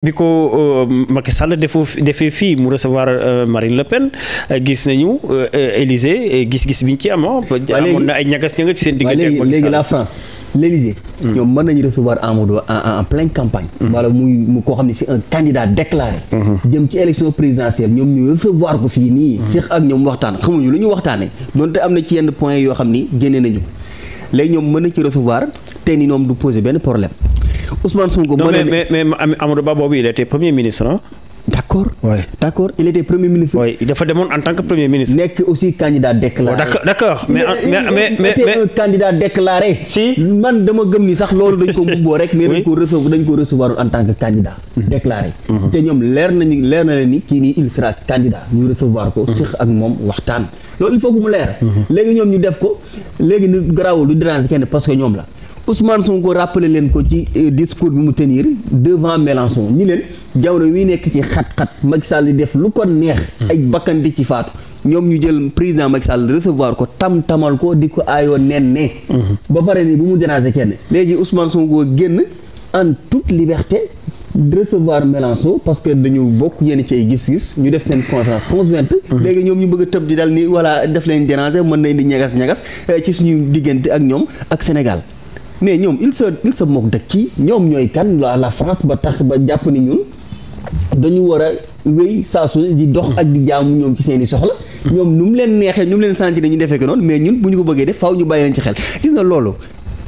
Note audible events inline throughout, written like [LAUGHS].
bi ko euh, Macky Sall defoo defee fii mu recevoir euh, Marine Le Pen euh, gis nañu Élysée gis-gis ñu ci am ah, amoon na ay ñagas ñagas ci seen diggante ak léegi la France l'Élysée hmm. ñoom mën nañu recevoir Amadou en pleine campagne wala hmm. muy mu koo xam ne c'est un candidat déclaré hmm. jëm ci élection présidentielle ñoom ñu recevoir ko fii nii seq ak ñoom waxtaan xamuñu lu ñu waxtaanee doonte am na ci yenn point yoo xam ni génne nañu léegi ñoom mën na ci recevoir te ni ñoom du poser benn problème Ousmane Sonko. moo leen mais mais Amadou Ba boobu il était premier ministre ah. d' accord. oui d' accord il était premier ministre. oui dafa demoon en tant que premier ministre. nekk aussi candidat déclaré. Oh, d' accord mais mais mais mais un candidat déclaré. si man dama gëm ni sax loolu dañ ko mbubboo [LAUGHS] rek. mais dañ ko recevoir dañ ko recevoir en tant que candidat. Mhm. déclaré. Mhm. te ñoom leer nañu leer na leen ni kii nii il sera candidat ñu recevoir ko. Mhm. seq ak moom waxtaan. loolu il faut que mu leer. léegi ñoom ñu def ko léegi ñu garaawul du déranger kenn parce que ñoom la. Ousmane Sonko rappelé leen ko ci euh, discours bi mu tenir devant Mélenchon ñi leen jamono wi nekk ci xat-xat Macky Sall di def lu ko neex. Hmm. ay bakkan di ci faatu. ñoom ñu jël président Macky Sall ko tam tamal ko di ko aayoo nen ne. Hmm. ba pare ni bu mu déranger kenn. léegi Ousmane Sonko génn en toute liberté. de recevoir Mélenchon parce que dañu bokk yenn ci ay gis-gis ñu def seen conférence conjointe hmm. léegi ñoom ñu bëgg tëb di dal ni voilà def leen déranger mën na indi ñagas ñagas euh, ci suñu diggante ak ñoom ak Sénégal. mais ñoom il se il se moque de qui ñoom ñooy kan la la France ba tax ba jàpp ni ñun dañu war a wéy saa su di dox ak di jaamu ñoom ci seen i soxla. ñoom nu mu leen neexee nu mu leen sentir ñu defee ko noonu mais ñun bu ñu ko bëggee def faaw ñu bàyyi leen ci xel gis nga loolu.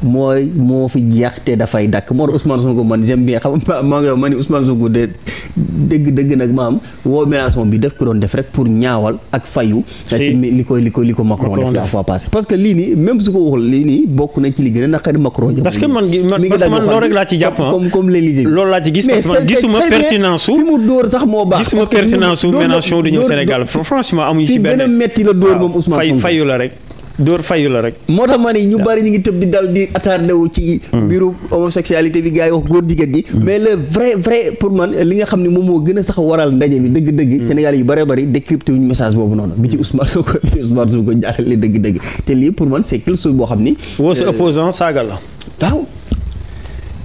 mooy moo fi jeex te dafay dakk moo Ousmane Sonko man j'aime bien xam nga maa ngi wax ma ni Ousmane Sonko de dëgg-dëgg nag maam woo Mélenchon bi def ko doon def rek pour ñaawal ak fayu ci li ko li ko li ko Macron def la fois parce que lii nii même su ko waxul lii nii bokk na ci li gën a naqari Macron parce que man gis parce que fi mu dóor sax moo baax gisuma pertinence su Mélenchon du ñëw Sénégal franchement amuñu ci fi gën a metti dóor moom fayu la rek dóor fayu la rek. moo tax ma yi ñu bari ñu ngi tëb di dal di attardé wu ci. Hmm. mbiru homosexualité bi gars yi wax góor jigéen gi. Hmm. mais le vrai vrai pour man li nga xam ne moom moo gën a sax waral ndaje bi dëgg-dëgg. Hmm. Sénégal yu bëree bëri décrypté wuñ message boobu noonu. bi ci Ousmane Sonko bi ci Ousmane Sonko jaarale dëgg te lii pour man c'est quelque boo xam ni. woo sa euh, saaga la. waaw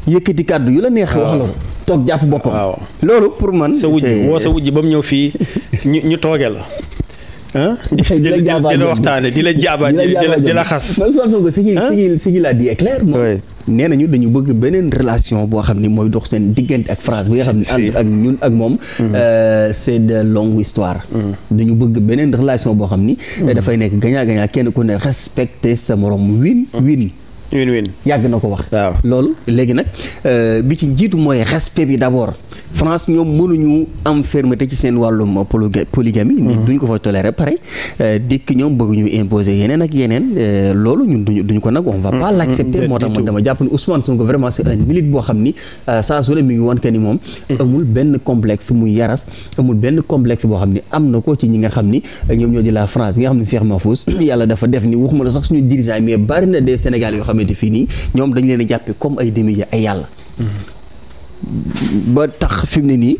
yëkkati kàddu yu la neex. wax la toog jàpp boppam. waaw loolu pour man. sa wujj woo sa wujj ba mu ñëw fii [LAUGHS] ñu ñu toogee la [LAUGHS] di la jaabaat di la waxtaane di la jaabaat di la xas Ousmane Sonko ce qu'il ce qu'il a dit est clair moom nee dañu bëgg beneen relation boo xam ni mooy dox seen diggante ak France bi nga xam ne ànd ak ñun ak moom mm-hmm. euh, c'est de longue histoire mm-hmm. dañu bëgg beneen relation boo xam ni mm-hmm. dafay nekk gagnant gagnant kenn ku ne respecter sa morom win win win yàgg na ko wax. waaw loolu léegi nag euh, bi ci jiitu mooy respect bi d' abord France ñoom mënuñu am fermeté ci seen wàllum polygamie mm-hmm. ni duñ ko fa toléré pare euh, dikk ñoom bëgg ñu imposer yeneen ak yeneen euh, loolu ñun duñu ko nag on va pas mm-hmm. l' accepter mm-hmm. moo tax man dama jàpp ni Ousmane Sonko vraiment c' est un milite boo xam ni saa su ne mi ngi woon que ni moom amul benn complexe muy yaras amul benn complexe boo xam ni am na ko ci ñi nga xam ni ñoom ñoo di la France ñi nga xam [COUGHS] xamante fii nii ñoom dañ leen a jàppe comme ay demi ay yàlla ba tax fi mu ne nii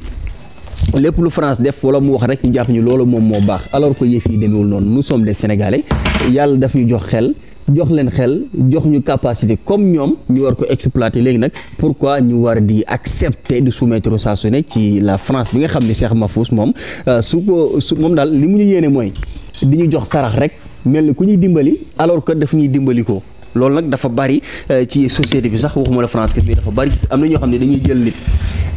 lépp lu France def wala mu wax rek ñu jàpp ñu loolu moom moo baax alors que yëf yi demewul noonu nous sommes des Sénégalais yàlla daf ñu jox xel jox leen xel jox ñu capacité comme ñoom ñu war ko exploiter léegi nag pour quoi ñu war di accepter de soumettre saa su ne ci la France bi nga xam ne ma Mahfouz moom euh, su ko su moom daal li mu ñu yéene mooy di ñu jox sarax rek mel loolu nag dafa bari euh, ci société bi sax waxuma la France mais dafa bari am na ñoo xam ne dañuy jël nit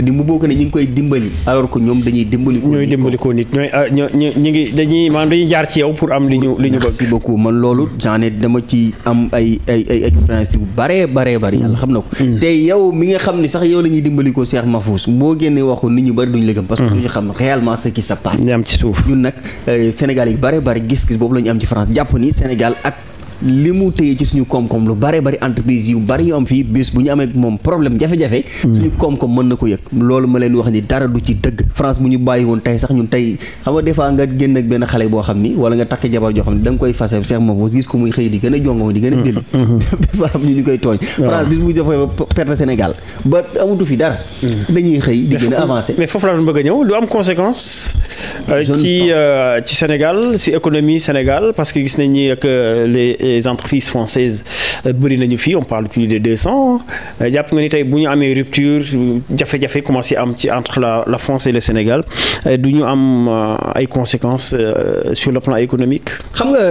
di mu ne ñu ngi koy dimbali alors ñoom dañuy dimbali. ñooy dimbali ko nit ñooy ah, ñooy ñu ngi dañuy maanaam dañuy jaar ci yow pour am li ñu li ñu bëgg. merci beaucoup man loolu j'en ai dama ci am ay ay ay expérience yu baree baree bari yàlla xam ko. Mm. yow mi nga xam ne sax yow la ñuy dimbali ko Cheikh Mahfouz boo génnee waxu nit ñu mm-hmm. xam réellement ce qui se passe. ñu am ci suuf ñun nag euh, Sénégal yi baree bari gis-gis boobu la ñu am ci France jàpp ni Sénégal ak. li mu téye ci suñu koom-koom lu bare bari entreprise yu bari yu am fii bis bu ñu amee moom problème jafe-jafe hmm. suñu koom-koom mën na ko yëg loolu ma leen wax ni dara du ci dëgg France bu ñu bàyyi woon tey sax ñun tey xam nga des nga génn ak benn xale boo xam ni wala nga takk jabar joo xam ni koy fase a a délli hmm. hmm. [LAUGHS] des am ñu ñu bis bu dafay ba Sénégal ba amutu fi dara dañuy xëy di gën a avancé mais foofu laa doon bëgg a ñëw lu am conséquence euh, ci euh, ci Sénégal ci économie les entreprises françaises euh, bëri nañu fii on parle plus de 200 euh, jàpp nga ni tey bu ñu amee rupture jafe-jafe commencé am ci entre la la France et le Sénégal euh, du ñu am ay conséquence sur le plan économique. xam nga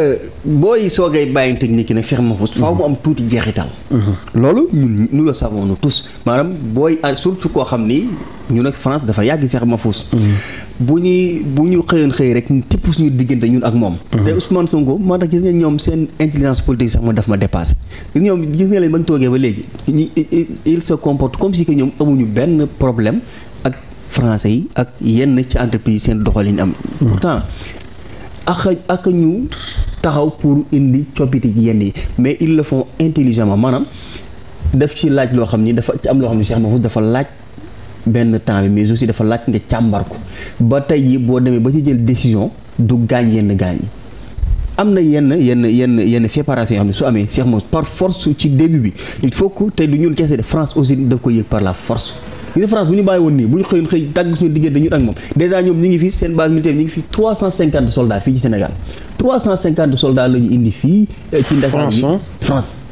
booy soogee bàyyi technique yi nag Cheikh Mahfouz. faaw mu am tuuti jeexital. Mhm. loolu ñun nous le savons tous maanaam booy surtout koo xam ni. ñu nag France dafa yàgg ma foos mm-hmm. bu ñuy bu ñu xëyoon xëy rek tipp suñu diggante ñun ak moom mm-hmm. te Ousmane Sonko moo tax gis nga ñoom seen intelligence politique sax ma daf ma dépassé ñoom gis nga leen ba toogee ba léegi ñu il se comporte comme si ñoom amuñu benn problème ak français yi ak yenn ci entreprise seen doxalin am mm-hmm. pourtant ak ak ñu taxaw pour indi coppite gi yenn mais ils le font intelligemment maanaam daf ci laaj loo xam ni dafa ci am loo xam ni Cheikh Mahfouz dafa laaj benn temps bi mais aussi dafa laaj nga càmbar ba tey yi boo demee ba ci jël décision du gaañ yenn gaañ yi am na yenn yenn yenn yenn séparation yoo xam ne su amee Cheikh moom par force ci début bi il faut que tey du ñun kese de France aussi daf ko yëg par la force ñu ne France bu ñu bàyyi woon nii bu ñu xëyoon xëy tàgg suñu diggante ñu ak moom dèjà ñoom ñi ngi fi seen base militaire ñu ngi fi 350 soldats fii ci Sénégal 350 soldats la indi fii euh, ci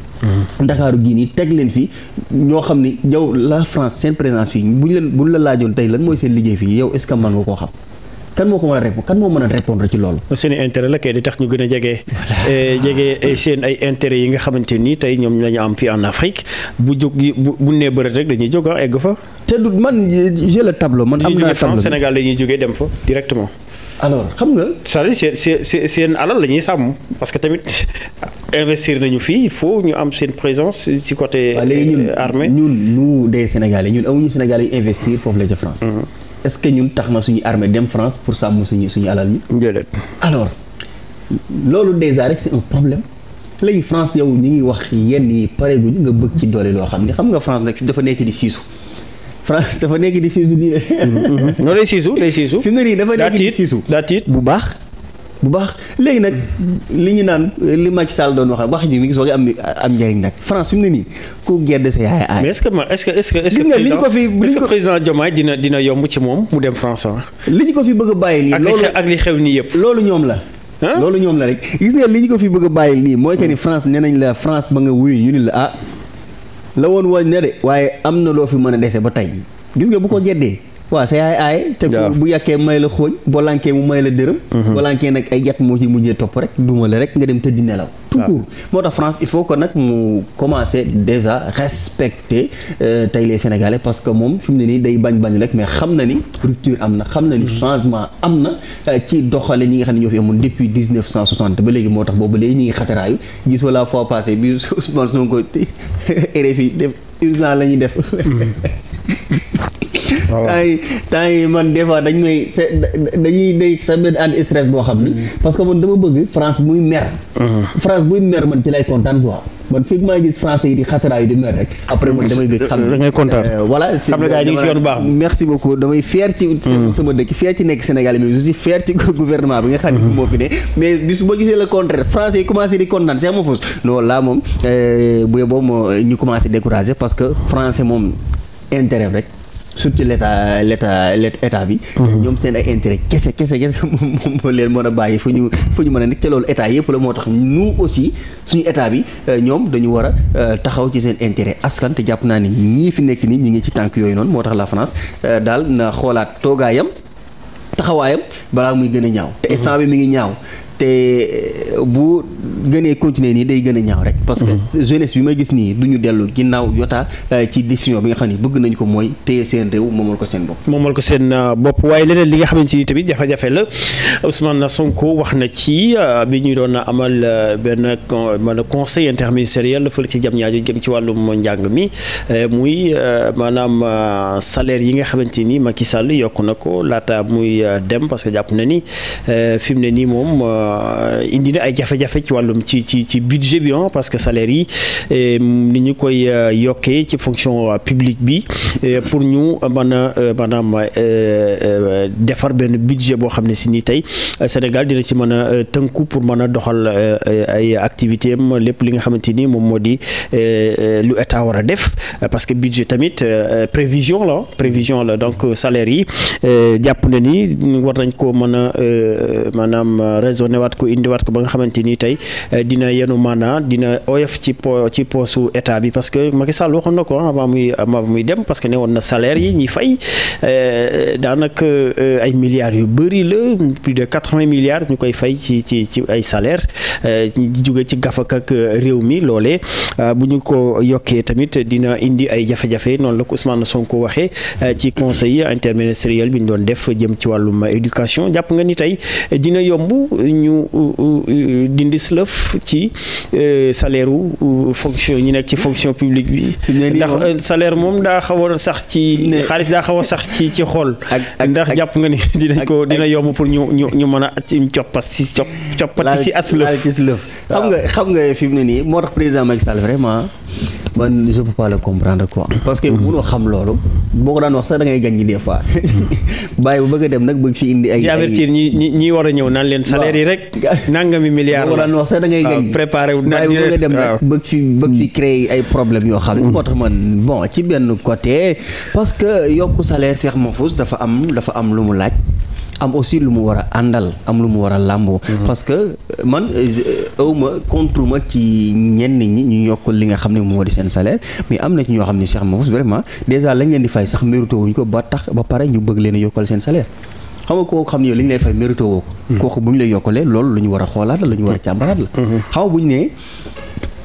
ndakaaru gii nii teg leen fi ñoo xam ni yow la France seen présence fii buñ leen buñ la laajoon tey lan mooy seen liggéey fii yow est ce que man nga koo xam kan moo ko mën a répondre kan moo mën a répondre ci loolu. seen i intérêt la kay di tax ñu gën a jege. Eh, jege eh, seen ay intérêt yi nga xamante nii tey ñoom lañu am fii en Afrique bu jóg bu bu nee bëreet rek dañuy jóg ah, egg fa. te du man j'ai le tableau man. am naa tableau Sénégal la ñuy jógee dem fa directement. alors xam nga. cest à seen seen alal la ñuy sàmm parce que tamit investir nañu fii il ñu am seen présence ci côté. Euh, armée ñun ñun dee Sénégalais ñun awuñu Sénégalais yu investir foofu la ca France. Mm-hmm. est-ce que ñun tax na suñu armée dem France pour sàmm suñu suñu alal ñu. alors loolu déjà rek c'est un problème. léegi France yow ñu ngi wax yenn yi pare guñu nga bëgg ci doole loo xam ne xam nga France nag dafa nekk di siisu. France dafa nekk di siisu nii de. Mhm. non day siisu day siisu. fi mu nii dafa nekk di siisu bu baax. bu baax léegi nag li ñu naan li Macky Sall doon wax wax ji mi ngi soog am am njëriñ nag France fi mu nii sa yaay aay. mais est-ce que ma est-ce que gis nga li ñu ko fi moom mu dem France ko fi bëgg bàyyi nii. loolu loolu ñoom la. loolu ñoom la rek gis nga li ñu ko fi bëgg bàyyi nii. mooy que ni hmm. France nee nañ la France ba nga wuyu ñu ni la ah. la woon woon ne de waaye am na loo fi mën a dese ba tey gis nga bu ko jeddee waaw sa yaay aay e. te bu yàkkee may la xooñ boo lankee mu may la dërëm mhm. boo lankee nag ay yat moo ci mujjee topp rek dumale rek nga dem tëddi nelaw ah. tout court moo tax France il faut que nag mu commencer déjà respecter euh, tey les Sénégalais parce que moom fi mu ne nii day bañ bañ rek mais xam na ni rupture am na xam na ni mhm. changement am na euh, ci doxale ñi nga xam ne ñoo fi amoon depuis 1960 ba léegi moo tax boobu léegi ñi ngi xataraayu gis la fois passée bi [LAUGHS] Ousmane Sonko [LAUGHS] RFI def urgent la ñuy def mhm. [LAUGHS] temps yi temps man des fois dañ may dañuy day sa benn anti stress boo xam ni parce que man dama bëgg France muy mer uh-huh. France muy mer man ci lay kontaan quoi man fii maa gis français yi di xataraa yi di mer rek après man damay bëgg xam ne ngay kontaan euh, voilà xam nga ñu ngi si yoon baax euh, merci beaucoup damay fier ci uh-huh. sama dëkk fier ci nekk Sénégal mais je suis fier ci [LAUGHS] gouvernement bi nga xam ne uh-huh. moo fi ne mais su ma gisee le contraire français yi commencé di kontaan c'est ma fausse non là moom euh, bu yeboo ñu commencé découragé parce que français moom intérêt rek surtout l'état l'état état bi mhm. ñoom seen ay intérêt kese kese kese [LAUGHS] moom moo leen mën a bàyyi fu ñu fu ñu mën a nekk ca loolu état yëpp la moo tax nous aussi suñu état bi euh, ñoom dañu war a euh, taxaw ci seen intérêt askan te jàpp naa ne ñii fi nekk nii ñu ngi ci tànk yooyu noonu moo tax la France euh, daal na xoolaat toogaayam taxawaayam balaa muy gën a ñaaw te instant mhm. bi mi ngi ñaaw te eh, bu gënee continuer nii day gën a ñaaw rek. parce que mhm. jeunesse bi ma gis nii du ñu dellu ginnaaw yota eh, ci décision bi nga xam ne bëgg nañ ko mooy téye seen réew moomal ko seen bopp. moomal ko seen ah, bopp waaye leneen li nga xamante ni tamit jafe-jafe la Ousmane Sonko wax na ci ah, bi ñu doon amal ah, benn maanaam conseil interministériel fële ci Diamniadio jëm ci wàllum njàng mi eh, muy maanaam salaire yi nga xamante ni Macky Sall yokku na ko laata muy dem parce que jàpp na ni fi mu ne nii moom. Euh, indi na ay jafe-jafe ci wàllum ci ci ci budget bi ah, parce que salaire yi ni ñu koy euh, yokkee ci fonction euh, publique bi pour ñu mën a maanaam defar benn budget boo xam ne si ni tey Sénégal dina ci mën a tënku pour mën a doxal ay activité lépp li nga xamante ni moom moo di lu état war a def parce que budget tamit prévision la prévision la donc salaire yi jàpp na ni war nañ ko mën maanaam raisonner waat ko indiwaat ko ba nga xamante ni tey eh, dina yenu maanaa dina oyof ci po ci poosu état bi parce que Macky Sall waxoon na ko ah, avant muy avant muy dem parce que ne woon na salaire yi ñuy fay eh, daanaka eh, ay milliards yu bëri la plus de quatre-vingts milliards ñu koy fay ci ci ci ay salaire jóge ci gafak ak réew mi loolee ah, bu ñu ko yokkee tamit dina indi ay jafe-jafe noonu la ko Ousmane ko waxee ci conseil interministériel bi ñu doon def jëm ci wàllum éducation jàpp nga ni tey dina yomb dinañu dindi slëf ci euh, salaire wu fonction ñu nekk ci fonction publique bi. ndax euh, salaire moom daa xaw a sax ci. xaalis daa xaw sax ci ci xol. ndax jàpp nga ni [LAUGHS] dinañ ko dina yomb pour ñu ñu ñu mën a coppat si coppati si as lëf xam nga xam nga fi mu ne nii moo tax président Macky Sall vraiment. man je peux pas le comprendre quoi. parce que mm-hmm. mënoo xam loolu. boo ko daan wax sax da ngay gàññi des mm-hmm. [LAUGHS] bàyyi bu bëgg dem nag bëgg si indi ay. ay ñi ñi war a ñëw naan leen. salaire yi rek. teg nangami milliards la wax sax da ngay gañ préparé wu naan dem nag bëgg fi bëgg fi hmm. ay problèmes yoo xam ne moo tax man bon ci benn côté parce que yokku salaire ma Mahfouz dafa am dafa am lu mu laaj am aussi lu mu war a àndal am lu mu war a làmboo hmm. parce que man euh, awma contre ma ci ñenn ñi ñu yokk li nga xam ne moo di seen salaire mais am na ci ñoo xam ne Cheikh Mahfouz vraiment déjà lañ leen di fay sax mérito wuñ ko ba tax ba pare ñu bëgg leen a yokkal seen salaire xam nga koo xam ne yow li ñu lay fay mérité woo ko. Hmm. kooku bu ñu lay yokkalee loolu lu ñu war a xoolaat la lu ñu war a càmbaraat la. Hmm. xam nga bu ñu nee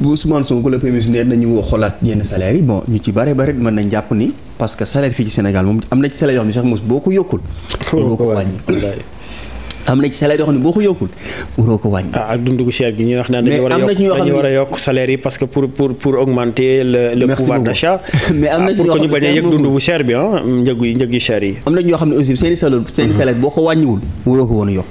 bu Ousmane Sonko la premier ministre ne nañu xoolaat yenn salaire bon ñu ci bare bare mën nañ jàpp ni parce que salaire fii ci Sénégal moom am na ci salaire yoo xam ne sax mos boo ko yokkul. boo ko wàññi am na ci salaire yoo xam ne boo ko yokkul waroo ko wàññi. Ah, ak dundu cher gi ñuy wax naan dañu war a yokk dañu war parce que pour pour pour augmenter le le pouvoir d'achat. [LAUGHS] mais ah, ah, am na ci ñoo xam ne a yëg dundu bu cher bi am na ñoo xam ne aussi seen i salaire seen i salaire boo ko wàññiwul waroo ko woon a yokk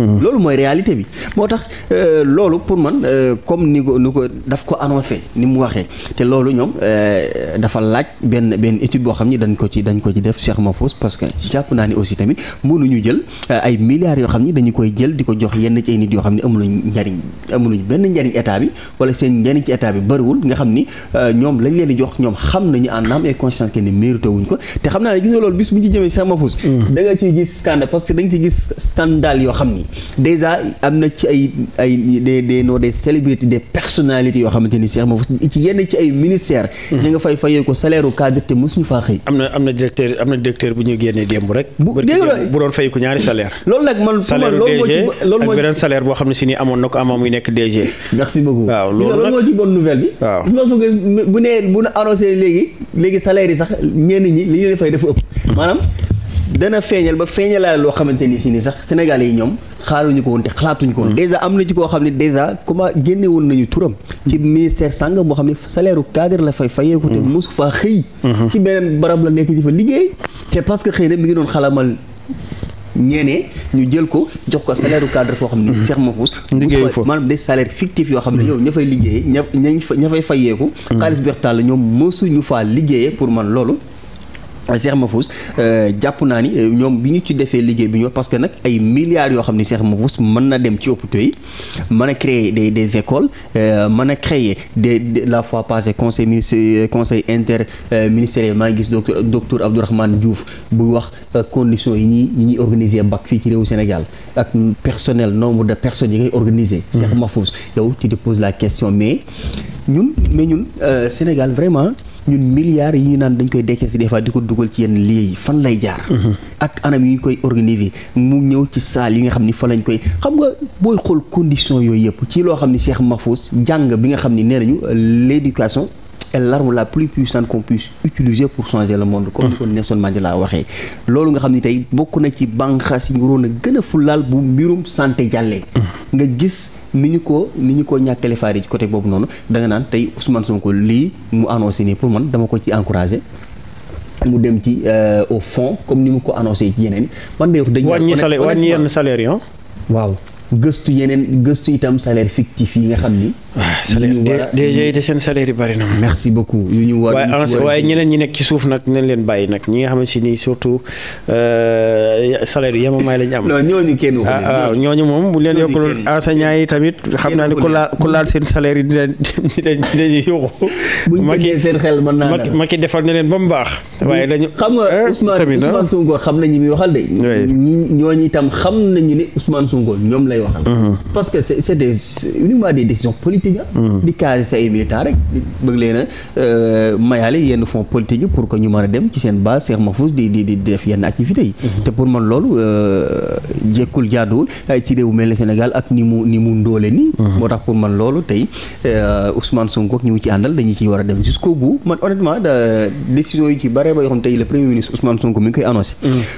Mm-hmm. loolu mooy réalité bi moo tax euh, loolu pour man euh, comme ni ko ni ko daf ko annoncé ni mu waxee te loolu ñoom euh, dafa laaj benn benn étude boo xam ni dañ ko ci dañ ko ci def Cheikh Mahfouz parce que jàpp naa ni aussi tamit mënuñu jël ay milliards yoo xam ni dañu koy jël di ko jox yenn ci ay nit yoo xam ne amuluñ njariñ amuluñ benn njariñ état bi wala seen njariñ ci état bi bëriwul nga xam ni ñoom lañ leen di jox ñoom xam nañu en âme et conscience que ni wuñ ko te xam naa ne gis loolu bis bu ñu ci jëmee Cheikh Mahfouz mm-hmm. parce que dañ nga ciy gis scandale yoo xam ni déjà am na ci ay ay des des non des célébrités des personnalités yoo xamante ni si moom ci yenn ci ay ministères. Hmm. ñi nga fay fayee ko salaire u cadre te mosuñu faa xëy. am na am na directeur am na directeur bu ñu génnee démb rek. bu bu doon fay ko ñaari salaire [LAUGHS] loolu nag man fu ma loolu moo ci loolu moo ci boo xam ne ni amoon na ko amoon muy nekk DG. [LAUGHS] merci beaucoup waaw loolu moo ci bonne nouvelle bi. waaw bu nee bu ñu annoncé léegi léegi salaire yi sax ñenn ñi li ñu leen fay dafa ëpp hmm. maanaam. dana feeñal ba feeñalaale loo xamante ni si ni sax sénégal yi ñoom xaaruñu ko woon te xalaatuñu ko woon. Mm. dèjà am na ci koo xam ne dèjà comment génne woon turam. ci mm. ministère sàngam moo xam ne salaire u la fay fayeeku te mm. mosu faa xëy. Mm-hmm. ci beneen barab la nekk di fa liggéey. c'est parce que xëy na mi ngi doon xalamal ñeene ñu jël ko jox ko salaire cadre foo xam ne mm-hmm. Cheikh Mahfouz [LAUGHS] maanaam des salaires fictifs yoo xam ne yow mm-hmm. ña fay liggéeye ña ñañ ña fay fayeeku xaalis bi weex tàll ñoom mosuñu faa liggéeye pour man loolu Cheikh Mahfous euh, jàpp naa ni euh, ñoom bi ñu ci defee liggéey bi ñu parce que nag ay milliards yoo xam ne Cheikh Mahfous mën na dem ci hôpitaux yi mën a créer des des écoles euh, mën a créer de la fois passée conseil ministre conseil interministériel maa gis docteur docteur Abdourahmane Diouf bu wax conditions yi ñuy yi ñuy organiser bac fii ci réewu Sénégal ak personnel nombre de personnes yi ngay organiser. Mhm. Cheikh Mahfous yow tu te poses la question mais ñun mais ñun Sénégal vraiment. ñun milliards yi ñu naan dañ koy dekkee si des fois di ko dugal ci yenn lieux yi fan lay jaar. Mhm. ak anam yi ñu koy organiser mu ñëw ci saal yi nga xam ni fa lañ koy xam nga booy xool condition yooyu yëpp ci loo xam ni Cheikh Mahfous jàng bi nga xam ni nee nañu l'éducation est la plus puissante qu'on puisse utiliser pour changer le monde comme ni ko mhm. Nelson Mandela waxee loolu nga xam ni tey bokk na ci bànqaas yi waroon a gën a fulaal bu mbirum santé jàllee mhm. ni ñu ko ni ñu ko ñàkkale faar yi ci côté boobu noonu da naan tey Ousmane Sonko lii mu annoncé nii pour man dama ko ci encouragé mu dem ci euh, au fonds comme ni mu ko annoncé ci yeneen man day wax dañ wàññi salaire wàññi yenn salaire yi ah. waaw gëstu yeneen gëstu itam salaire fictif yi nga xam ni waaw salaire DG seen salaire yi bari na. merci beaucoup yu ñu waaye ñeneen ñi nekk ci suuf nag nañ leen bàyyi nag ñi nga xamante ni surtout euh, salaire yi yemamaay lañ am. non ñooñu kenn waxuñu. waaw ah, ah, ñooñu moom bu leen yokkul enseignants yi tamit xam naa ne ko laal ku laal seen salaire yi dinañ dinañ yuuxu. buñ bëggee seen xel mën naa dara ma ki defal ne leen ba mu baax. waaye dañu xam nga eh, Ousmane ah. Ousmane Sonko xam na ñi muy waxal de. ñi ñooñu itam xam nañu ne Ousmane Sonko ñoom lay waxal. Mm-hmm. parce que c'est uniquement des décisions politiques politique ah. di caser sa ay militants rek bëgg leen a euh, yenn fonds politique yi pour que ñu mën a dem ci seen base Cheikh Mahfouz di di di def yenn activités yi. Mm-hmm. te pour man loolu euh, jekkul jaaduwul euh, ci réew mel ne Sénégal ak ni mu ni mu ndóole nii. Mm-hmm. moo tax pour man loolu tey Ousmane Sonko ak ñi mu ci àndal dañu ciy war a dem yi ci ba yoo xam tey le premier ministre Ousmane Sonko mi ngi koy annoncé.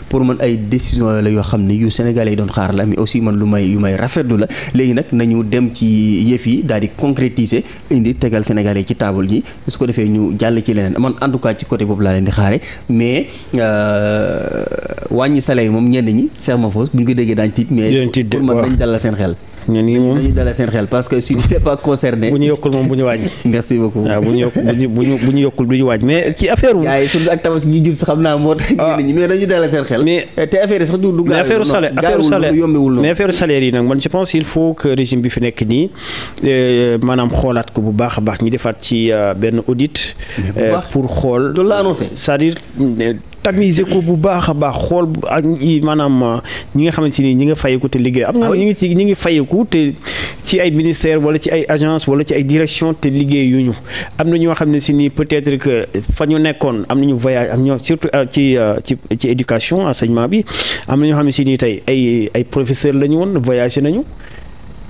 pour man ay décision yoo xam ne yu Sénégalais doon xaar la aussi man lu may yu may rafetlu la léegi nag nañu dem ci yëf yi daal concrétiser indi tegal sénégalais ci table yi su ko defee ñu jàll ci leneen man en tout cas ci côté boobu laa leen di xaare mais euh, wàññi salaire yi moom ñenn ñi sermafos bu ñu ko déggee daañ tiit mais pour man dañ dalal seen xel ñun lii moom dañuy dalal seen xel parce que si n'est pas concerné. bu ñu yokkul moom bu ñu wàññi. [LAUGHS] merci beaucoup ah, du ñu wàññi mais affaire wu. gars yi surtout ak ah. mais affaire sax du du. gars yi mais affaire salaire yi nag man je pense il faut que régime bi fi nekk nii euh, maanaam xoolaat ko bu baax a baax ñu defaat ci euh, benn audit. Euh, pour xool loolu la annoncé cest à ko bu baax a baax xool ak maanaam ñi nga xamante ni ñi nga fayeku te liggéey am na ñi ah ngi ci ñi ngi fayeku nemmeeku te ci ay ministère wala ci ay agence wala ci ay direction te liggéey yu ñu am na ñoo xam ne si nii peut-être que fa ñu nekkoon am na ñu voyage am ñoo surtout euh, ci euh, ci ci éducation enseignement bi am na ñoo xam ne si nii tey ay ay professeur la ñu woon voyagé nañu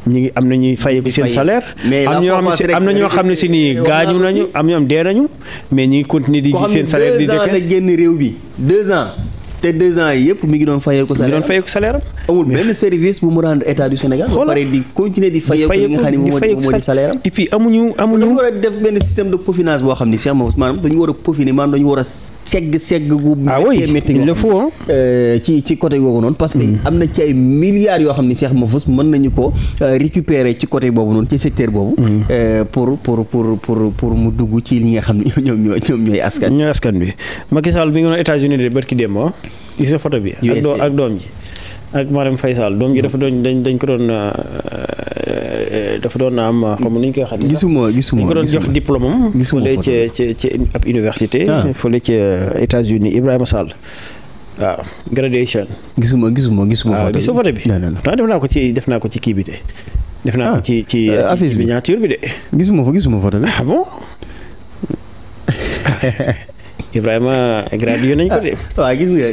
ñu ngi am na ñuy fayeeku seen salaire. am ñoo xam ne am na ñoo xam ne si nii gaañu nañu am ñoom dee nañu mais ñu ngi continuer di seen salaire di. deux ans la génn réew bi deux ans te deux ans yëpp mi ngi doon fayee ko mi ngi doon salaire am amul benn service bu mu rendre état du Sénégal. ba pare di continuer di fayeeku li nga xam ne moom moo di salaire am. et puis amuñu amuñu. dañu war a def benn système de peaufinage boo xam ni sax maanaam dañu war a peaufiner maanaam dañu war a segg segg gu. ah oui il le faut euh, ci ci côté googu noonu. parce que mm. am na ci ay milliards yoo xam ne sax ma fës mën nañu ko euh, récupérer ci côté boobu noonu ci secteur boobu. Mm. Euh, pour pour pour pour pour mu dugg ci li nga xam ne ñoom ñoo ñoom ñooy askan. ñooy askan bi Macky Sall bi nga doon États-Unis de barki démb ah, gis nga photo bi. ak doom ji. ak Marème Faye Sall doom ji dafa doon dañ dañ ko doon euh, dafa doon am xam nu ñu koy waxati. gisuma gisuma dañ ko doon jox diplôme am. gisuma fële ci ci ci ab université. Ah. fële ci États-Unis Ibrahima Sall. waaw graduation. gisuma gisuma gisuma. waaw ah, gisuma photo bi waaw def naa ko ci def naa ko ci kii bi def naa ko ah, ci ci euh, ci signature bi de. gisuma fa gisuma photo bi ah bon. [LAUGHS] Ibrahima ah, gradué nañ ko de. [LAUGHS] waaw gis nga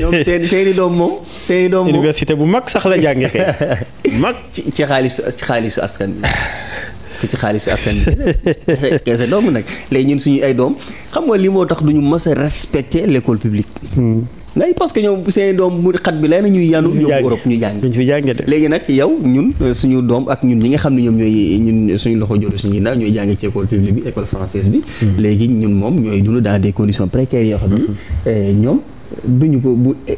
ñoom [LAUGHS] seen doom moom. seen doom moom université bu mag sax la jàngee kay [LAUGHS] mag. ci ci xaalisu ci xaalisu askan bi ku ci xaalisu askan bi kese doomu nag léegi ñun suñu ay doom xam nga lii moo tax duñu mës a respecter l'école mais parce que ñoom seen doom bu xat bi lay na ñuy yanu ñoom Europe ñu jàng léegi nag yow ñun euh, suñu doom ak ñun ñi nga xam ne ñoom ñooy ñun suñu loxo joru suñu ginnaaw ñooy jàng ci école publique bi école française bi mm-hmm. léegi ñun moom ñooy dund dans des conditions précaires yoo xam ne mm-hmm. euh, ñoom duñu ko bu euh,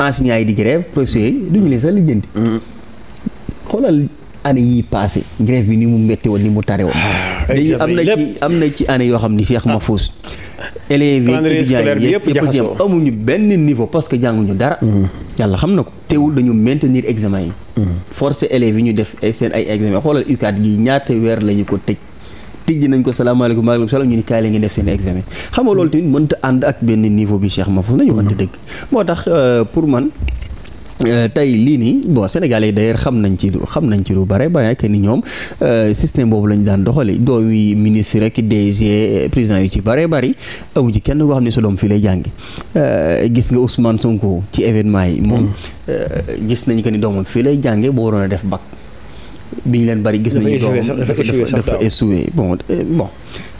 enseignants yi di grève professeurs yi duñu leen sax lijjanti mm-hmm. xoolal année yii passé grève bi ni mu metti woon ni mu tare woon ah, am na ci am na ci année yoo xam ne Cheikh Mahfouz ah. élèves yi étudiants yi yëpp yëpp jëm amuñu benn niveau parce que jànguñu dara. Mm. yàlla xam na ko teewul dañu maintenir examen yi. Mm. forcer élèves yi ñu def seen ay examen xoolal UCAD gi ñaata weer la ñu ko tëj. tijji nañ ko salaamaaleykum maaleykum salaam ñu ni kaay la def seen examen xam nga loolu tamit mënta ànd ak benn niveau bi Cheikh Mahfouz nañu wante mm. dëgg moo tax euh, pour man. Euh, tey lii nii bon sénégalais d'ailleurs xam nañ ci xam nañ ci lu bare bare que ni ñoom euh, système boobu lañu daan doxali doomi ministre rek DG président yi ci bare bari amu ci kenn koo xam ne sa doom fii lay jàngi euh, gis nga Ousmane Sonko ci événement yi moom mm. gis nañ que ni doomam fii lay jànge boo waroon a def bac bi ñu leen bari gis nañu doomam dafa dafa échoué bon bon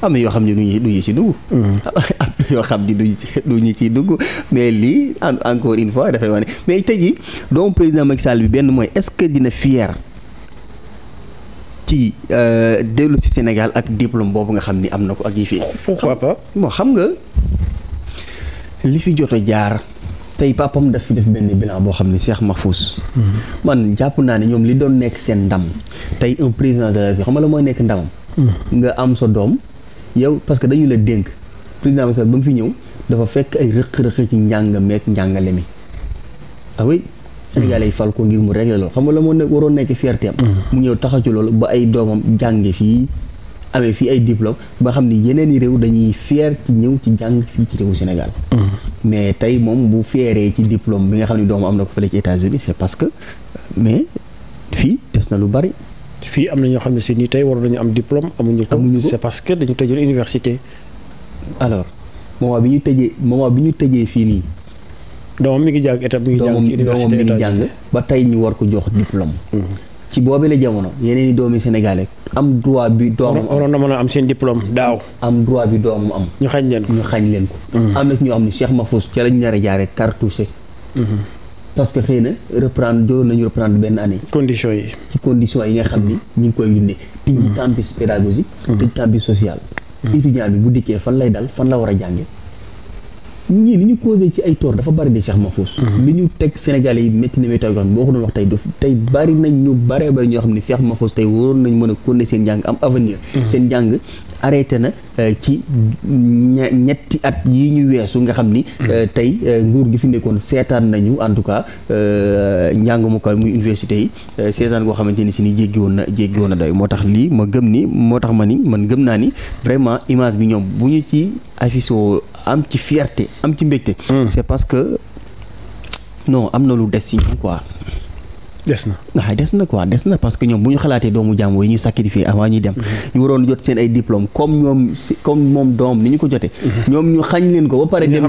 am na yoo xam ne duñu duñu ci dugg mm. [LAUGHS] [LAUGHS] yoo xam ni duñ ci duñu mais lii encore une fois dafay wane mais tey ji doomu président Macky Sall bi benn mooy est-ce dina fier ci euh, dellu si Sénégal ak diplôme boobu nga xam ni am na ko ak yi fi. pourquoi pas bon xam nga li fi jot a jaar. tey papam daf fi def benn bilan boo xam ne Cheikh Mahfous. Mm-hmm. man jàpp naa ne ñoom li doon nekk seen ndam. tey un président de la République mooy nekk ndamam. Mm. nga am sa doom yow parce que dañu la dénk. président Macky Sall ba mu fi ñëw dafa fekk ay rëq-rëq ci njàng meek njàngale mi ah oui Sénégal ay fal ko ngir mu régler loolu xam nga la moo ne waroon nekk fierté am mm-hmm. mu ñëw taxaw ci loolu ba ay doomam jànge fii amee fii ay diplôme ba xam ni yeneen i réew dañuy fier ci ñëw ci jàng ci réewu Sénégal mm-hmm. mais tey moom bu fieree ci diplôme bi nga xam ne doomu am na ko fële ci États-Unis c'est parce que mais fii des na lu bari fii am na ñoo xam ne si nii tey waroon nañu am diplôme amuñu ko c'est parce que dañu tëjul université alors moment bi ñu tëjee moment bi ñu tëjee fii nii. doomam mi ngi jàng état mi ngi jàng ci université mi jàng ba tey ñu war ko jox hmm. diplôme. Hmm. ci boobu la jamono yeneen i doomi Sénégal am droit bi doomam waroon na mën am seen diplôme daaw. am droit bi doomam am. ñu xañ leen ko xañ leen ko. Hmm. am na ci ñoo xam ne ma fos ca lañ nar a jaaree cartouché. parce que xëy na reprendre jëloon nañu reprendre benn année. conditions yi. ci condition yi nga xam ni. ñu ngi koy dundee. tëj campus pédagogique. tëj campus social. étudiant bi bu dikkee fan lay dal fan la war a jànge ñii li ñu causé ci ay toor dafa bari de Cheikh Mahfouz mhm. li ñu teg Sénégalais yi métti na métti yoo xam ne boo ko doon wax tey du tey bari nañ ñu bare bari ñoo xam ne Cheikh Mahfouz tey waroon nañ mën a continuer seen njàng am avenir mhm. seen njàng arrêté na euh, ci ñetti at yi ñu weesu nga xam ni mm. euh, tey euh, nguur gi fi nekkoon seetaan nañu en tout cas njàng mu kaw muy université yi seetaan goo xamante ni si ni jéggi na jéggi woon na doy moo tax lii ma gëm ni moo tax ma ni man gëm naa ni vraiment image bi ñoom bu ñu ci affiché am ci fierté am ci mbégte mm. c'est parce que non am na lu des si ñoom quoi des na waaw des na ko quoi des na parce que ñoom bu ñu xalaatee doomu jàmbur yi ñu sacrifié avant ñuy dem mhm. ñu waroon jot seen ay diplôme comme ñoom comme moom doom ni ñu ko jote mhm. ñoom ñu xañ leen ko ba pare dem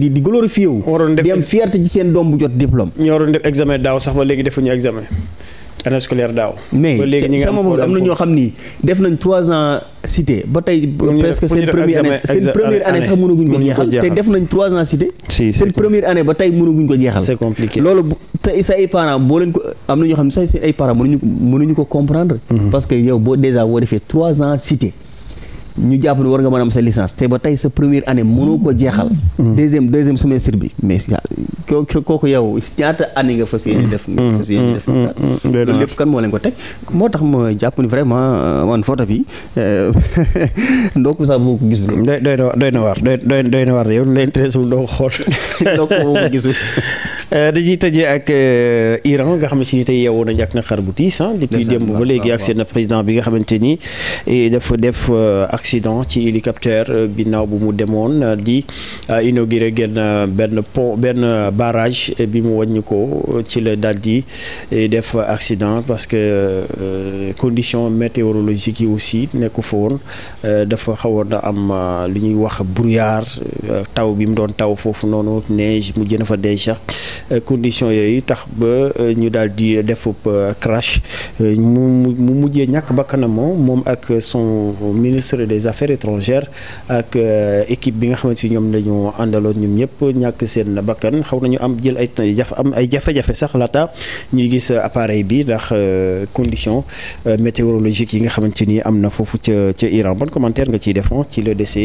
di di glorifié wu di am fierté ci seen doom bu jot diplôme ñu waroon def examen daaw sax ba léegi defuñu examen année scolaire daaw. mais sama boobu am na ñoo xam ni def nañ trois ans cité ba tey. presque seen première année seen première sax mënaguñ ko jeexal def nañ trois ans si seen première ba tey mënaguñ ko jeexal. c'est compliqué loolu te sa ay parents boo leen ko am na ñoo xam ne sax seen ay parents mënuñu ko comprendre. Mhm. parce que yow boo déjà boo defee trois ans cité. ñu jàpp ne war nga mën a am sa licence te ba tey sa première année mënoo ko jeexal. Mhm. deuxième deuxième semestre bi mais kooku kooku yow ñaata année nga fas yéene def. nga mm. fas yéene mm. def mm. loolu lépp kan moo leen ko teg moo tax ma jàpp ni vraiment wan euh, photo bi euh, [LAUGHS] ndoo ko sax boo ko gisul. doy doy na waar doy doy na waar yow la intéressé doo xool. [LAUGHS] ndoo ko ko gisul. [LAUGHS] Euh, dañuy tëjee ak euh, Iran nga xamante ni tey yeewoon nañ ak naqar bu tiis ah. depuis démb ba léegi ak seen président bi nga xamante ni eh, dafa def euh, accident ci bi naaw bu mu demoon di inauguré génn benn pont benn barrage bi mu wàññi ko ci la daal di def accident parce que condition météorologique yi aussi nekku fa woon dafa xawoon na am lu ñuy wax brouillard taw bi mu doon taw foofu noonu neige mu jën fa déjà Euh, conditions yooyu tax ba euh, ñu daal di defub euh, crash mu mu mu mujjee ñàkk bakkanam moom ak son ministre des affaires étrangères ak équipe bi nga xamante si ñoom dañu àndaloon ñoom ñëpp ñàkk seen bakkan xaw nañu am jël ay jaf am ay jafe-jafe sax lata ñuy gis appareil bi ndax condition météorologique yi nga xamante ni am na foofu ca Iran ban commentaire nga ciy defon ci le décès